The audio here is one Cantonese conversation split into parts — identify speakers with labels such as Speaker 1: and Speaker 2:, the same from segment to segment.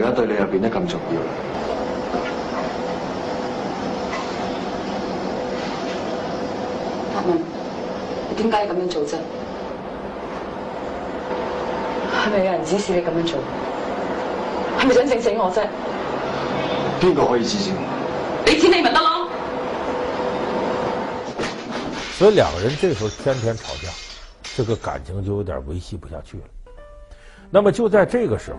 Speaker 1: 而家對你又變得咁重要啦？點解要咁樣做啫？係咪有人指使你咁樣做？係咪想整死我啫？邊個可以指使我？你指你咪得咯？所以兩個人這時候天天吵架，這個感情就有點維繫不下去了。那麼就在這個時候。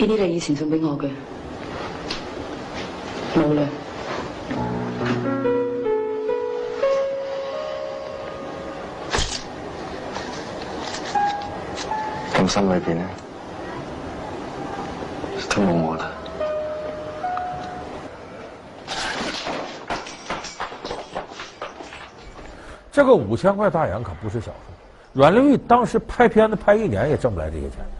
Speaker 1: 給啲你以前送俾我嘅，冇啦。咁心裏邊是都冇我的。這個五千塊大洋可不是小數，阮玲玉當時拍片子拍一年也掙不來這些錢。